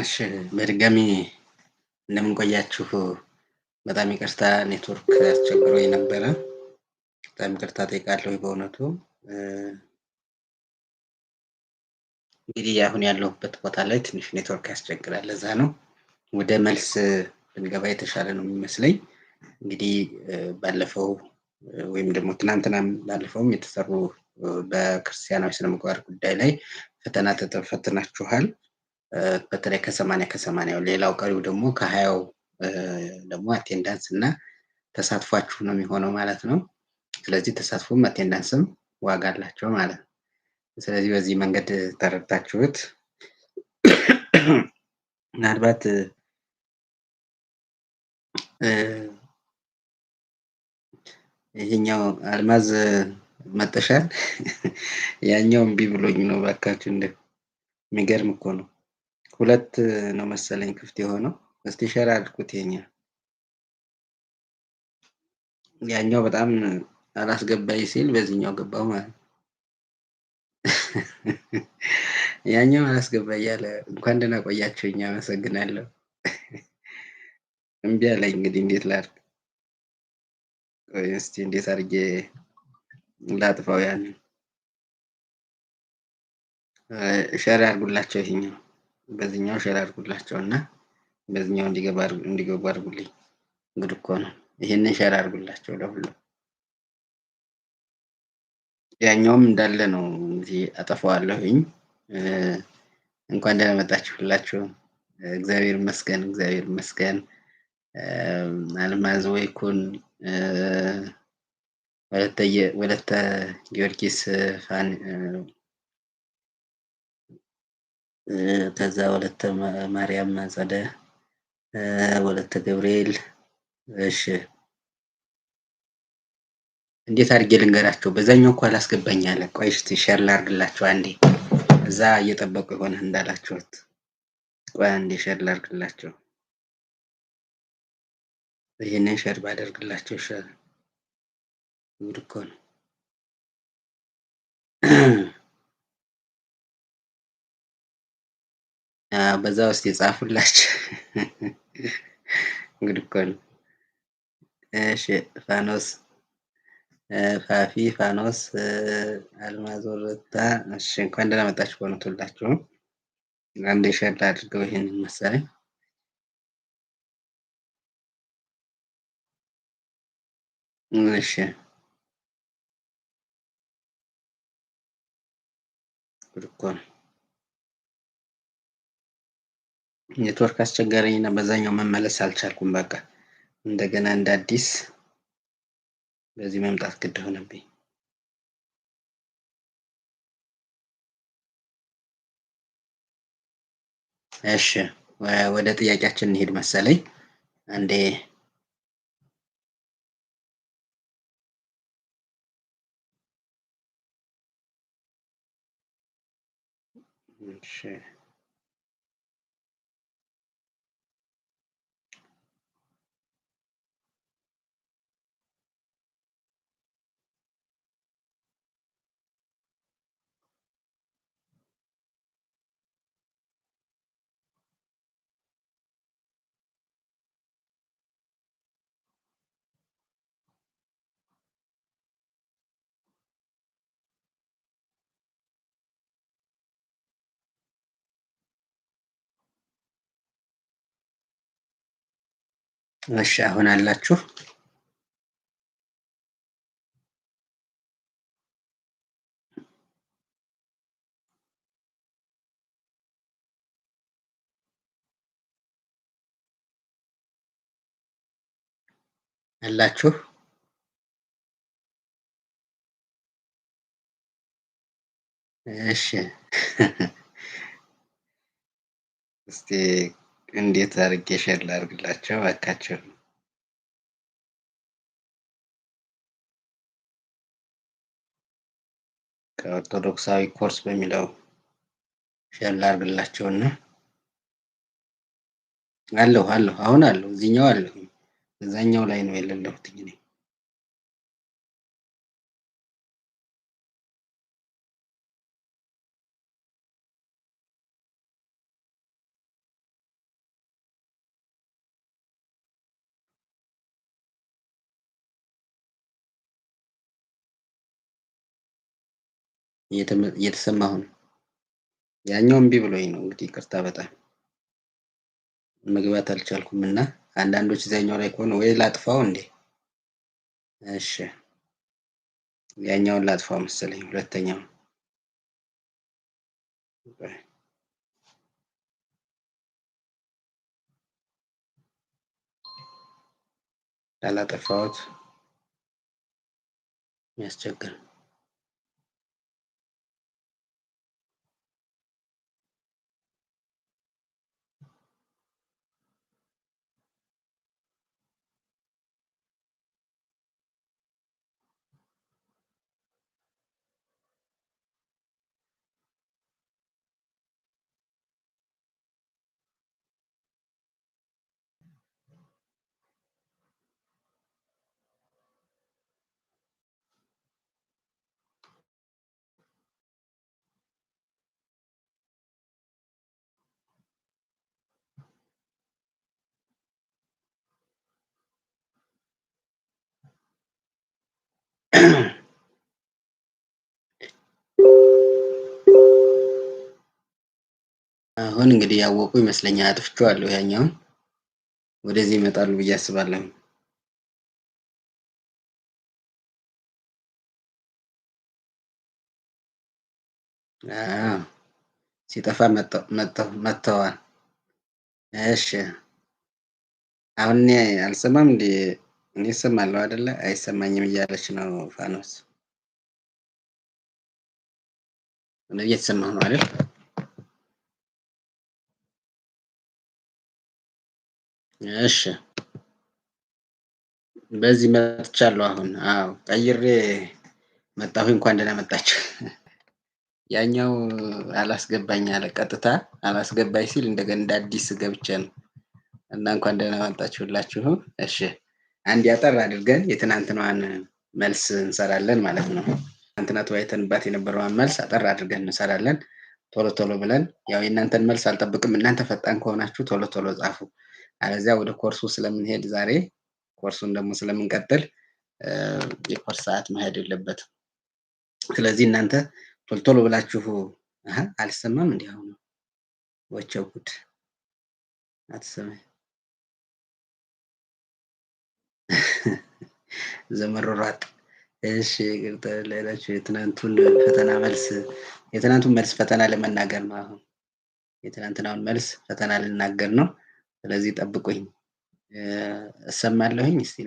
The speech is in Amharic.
እሺ በድጋሚ እንደምንቆያችሁ በጣም ይቅርታ ኔትወርክ አስቸግሮ የነበረ በጣም ይቅርታ ጠይቃለሁ። በእውነቱ እንግዲህ አሁን ያለሁበት ቦታ ላይ ትንሽ ኔትወርክ ያስቸግራል። ለዛ ነው ወደ መልስ ብንገባ የተሻለ ነው የሚመስለኝ። እንግዲህ ባለፈው ወይም ደግሞ ትናንትና ባለፈውም የተሰሩ በክርስቲያናዊ ስነምግባር ጉዳይ ላይ ፈተና ተፈትናችኋል። በተለይ ከሰማኒያ ከሰማኒያው ሌላው ቀሪው ደግሞ ከሀያው ደግሞ አቴንዳንስ እና ተሳትፏችሁ ነው የሚሆነው ማለት ነው። ስለዚህ ተሳትፎም አቴንዳንስም ዋጋ አላቸው ማለት ነው። ስለዚህ በዚህ መንገድ ተረድታችሁት ምናልባት ይሄኛው አልማዝ መጠሻል ያኛውም ቢ ብሎኝ ነው ባካችሁ። እንደ የሚገርም እኮ ነው። ሁለት ነው መሰለኝ ክፍት የሆነው። እስቲ ሸር አድርጉት። ይሄኛ ያኛው በጣም አላስገባኝ ሲል በዚህኛው ገባው ማለት ነው። ያኛው አላስገባ ያለ እንኳን ደህና ቆያችሁ። እኛ አመሰግናለሁ። እምቢ አለኝ። እንግዲህ እንዴት ላድርግ? ቆይ እስቲ እንዴት አድርጌ ላጥፋው? ያንን ሸር አድርጉላቸው ይሄኛው በዚህኛው ሼር አድርጉላቸው እና በዚህኛው እንዲገቡ አድርጉልኝ። እንግዲህ እኮ ነው ይህንን ሼር አድርጉላቸው ለሁሉም። ያኛውም እንዳለ ነው እንግዲህ አጠፋዋለሁኝ። እንኳን ደህና መጣችሁ ሁላችሁም። እግዚአብሔር ይመስገን፣ እግዚአብሔር ይመስገን። አልማዝ ወይኩን፣ ወለተ ጊዮርጊስ ከዛ ወለተ ማርያም አጸደ፣ ወለተ ገብርኤል። እሺ እንዴት አድርጌ ልንገራቸው? በዛኛው እኮ አላስገባኝ አለ። ቆይ እስኪ ሸር ላርግላቸው አንዴ። እዛ እየጠበቁ የሆነ እንዳላችሁት፣ ቆይ አንዴ ሸር ላርግላቸው። ይህንን ሸር ባደርግላቸው ሸር ጉድ እኮ ነው። በዛ ውስጥ የጻፉላችሁ እንግዲህ እኮ ነው። እሺ ፋኖስ ፋፊ ፋኖስ አልማዝ ወረታ፣ እሺ እንኳን ደህና መጣችሁ። በእውነት ሁላችሁም አንድ ሸር አድርገው ይሄን መሰለኝ እሺ እንግዲህ እኮ ነው ኔትወርክ አስቸጋሪኝ እና በዛኛው መመለስ አልቻልኩም። በቃ እንደገና እንደ አዲስ በዚህ መምጣት ግድ ሆነብኝ። እሺ ወደ ጥያቄያችን እንሄድ መሰለኝ። አንዴ እሺ እሺ አሁን አላችሁ አላችሁ እሺ እስቲ እንዴት አድርጌ ሼር ላድርግላቸው እባካቸው? ከኦርቶዶክሳዊ ኮርስ በሚለው ሼር ላድርግላቸውና አለሁ አለሁ አሁን አለሁ እዚህኛው አለሁ እዛኛው ላይ ነው የሌለሁት እኔ እየተሰማሁ ነው። ያኛው እምቢ ብሎኝ ነው እንግዲህ ይቅርታ። በጣም መግባት አልቻልኩም እና አንዳንዶች እዚያኛው ላይ ከሆነ ወይ ላጥፋው እንዴ? እሺ ያኛውን ላጥፋው መሰለኝ ሁለተኛው ያላጠፋሁት ያስቸግራል። አሁን እንግዲህ ያወቁ ይመስለኛል። አጥፍቼዋለሁ። ያኛውን ወደዚህ ይመጣሉ ብዬ አስባለሁ። ሲጠፋ መጥተዋል። እሺ አሁን አልሰማም እንዴ? እኔ እሰማለሁ አይደለ? አይሰማኝም እያለች ነው ፋኖስ። እኔ እየተሰማሁ ነው አይደል? እሺ፣ በዚህ መጥቻለሁ አሁን። አዎ ቀይሬ መጣሁ። እንኳን ደህና መጣችሁ። ያኛው አላስገባኝ አለ፣ ቀጥታ አላስገባኝ ሲል እንደገና እንደ አዲስ ገብቼ ነው እና እንኳን ደህና መጣችሁላችሁ። እሺ አንድ ያጠር አድርገን የትናንትናዋን መልስ እንሰራለን ማለት ነው። ትናንትና ተወያይተንባት የነበረዋን መልስ አጠር አድርገን እንሰራለን ቶሎ ቶሎ ብለን። ያው የእናንተን መልስ አልጠብቅም። እናንተ ፈጣን ከሆናችሁ ቶሎ ቶሎ ጻፉ። አለዚያ ወደ ኮርሱ ስለምንሄድ ዛሬ ኮርሱን ደግሞ ስለምንቀጥል የኮርስ ሰዓት መሄድ የለበትም። ስለዚህ እናንተ ቶሎ ቶሎ ብላችሁ አልሰማም እንዲህ ነው ወቸው ጉድ አትሰማኝ ዘመሮሯጥ እሺ ይቅርታ ላይላችሁ የትናንቱን ፈተና መልስ የትናንቱን መልስ ፈተና ለመናገር ነው። አሁን የትናንትናውን መልስ ፈተና ልናገር ነው። ስለዚህ ጠብቁኝ፣ እሰማለሁኝ። እስኪ